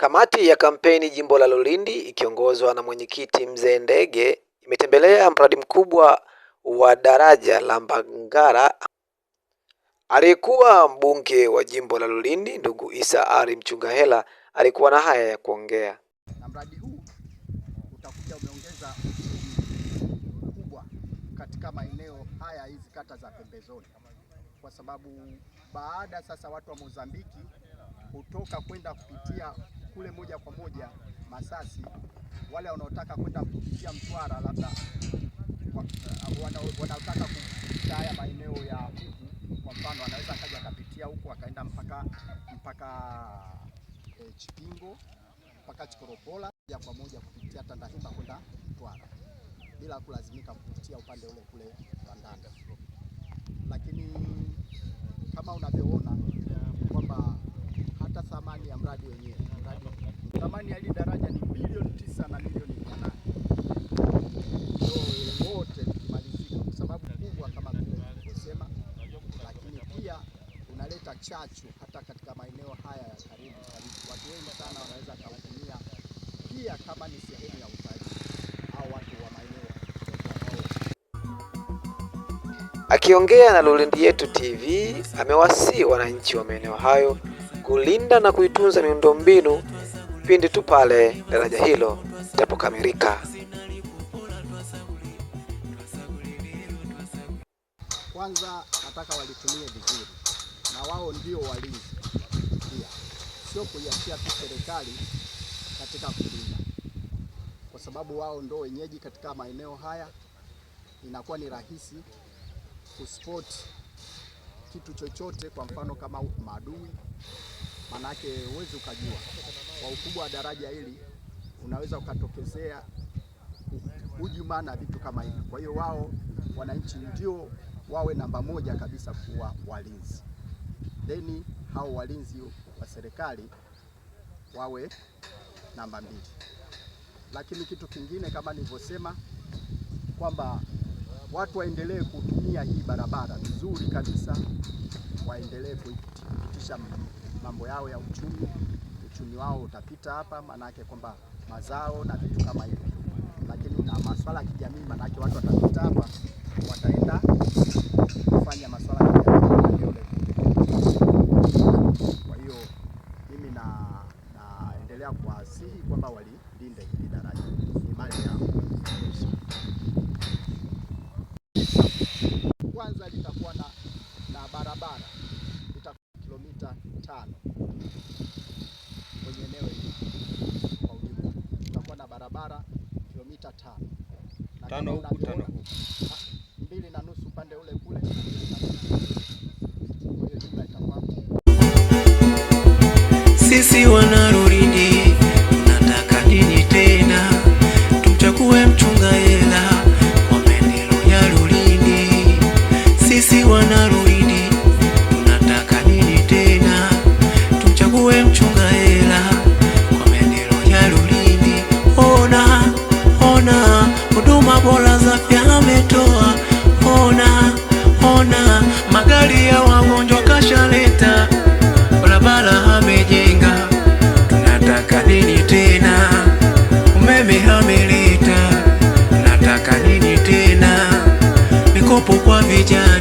Kamati ya kampeni jimbo la Lulindi ikiongozwa na mwenyekiti Mzee Ndege imetembelea mradi mkubwa wa daraja la Mbagala. Aliyekuwa mbunge wa jimbo la Lulindi ndugu isa Ali Mchungahela alikuwa na haya ya kuongea. Na mradi huu utakuja umeongeza kubwa katika maeneo haya, hizi kata za pembezoni, kwa sababu baada sasa watu wa Mozambiki hutoka kwenda kupitia kule moja kwa moja Masasi, wale wanaotaka kwenda kupitia Mtwara, labda wanaotaka kupita haya maeneo ya huku, kwa mfano anaweza akaja akapitia huku akaenda mpaka mpaka e, Chipingo mpaka Chikoropola moja kwa moja kupitia Tandahimba kwenda Mtwara bila kulazimika kupitia upande ule kule Tandanda, lakini kama unavyoona thamani ya mradi wenyewe. Thamani ya hili daraja ni bilioni tisa na milioni mia nane wote tukimalizika, kwa sababu kubwa kama vile nilivyosema, lakini pia unaleta chachu hata katika maeneo haya ya karibu karibu. Watu wengi sana wanaweza kutumia pia kama ni sehemu ya utalii au watu wa maeneo. Akiongea na Lulindi Yetu TV, amewasii wananchi wa maeneo hayo kulinda na kuitunza miundombinu pindi tu pale daraja hilo litapokamilika. Kwanza nataka walitumie vizuri, na wao ndio walinzi pia, sio kuiachia tu serikali katika kulinda, kwa sababu wao ndio wenyeji katika maeneo haya. Inakuwa ni rahisi kuspoti kitu chochote, kwa mfano kama maadui, manake huwezi ukajua kwa ukubwa wa daraja hili unaweza ukatokezea hujuma na vitu kama hivi. Kwa hiyo wao wananchi ndio wawe namba moja kabisa kuwa walinzi, theni hao walinzi wa serikali wawe namba mbili. Lakini kitu kingine kama nilivyosema kwamba watu waendelee kutumia hii barabara vizuri kabisa, waendelee kupitisha mambo yao ya uchumi. Uchumi wao utapita hapa, maanake kwamba mazao na vitu kama hivyo, lakini na masuala ya kijamii, maanake watu watapita hapa, wataenda kufanya masuala ya kijamii. Kwa hiyo mimi naendelea kuwasihi kwamba tano kwenye eneo hili kwa ujumla, tutakuwa na barabara kilomita tano tano huku tano huku, mbili na nusu upande ule kule. sisi wanaru Ya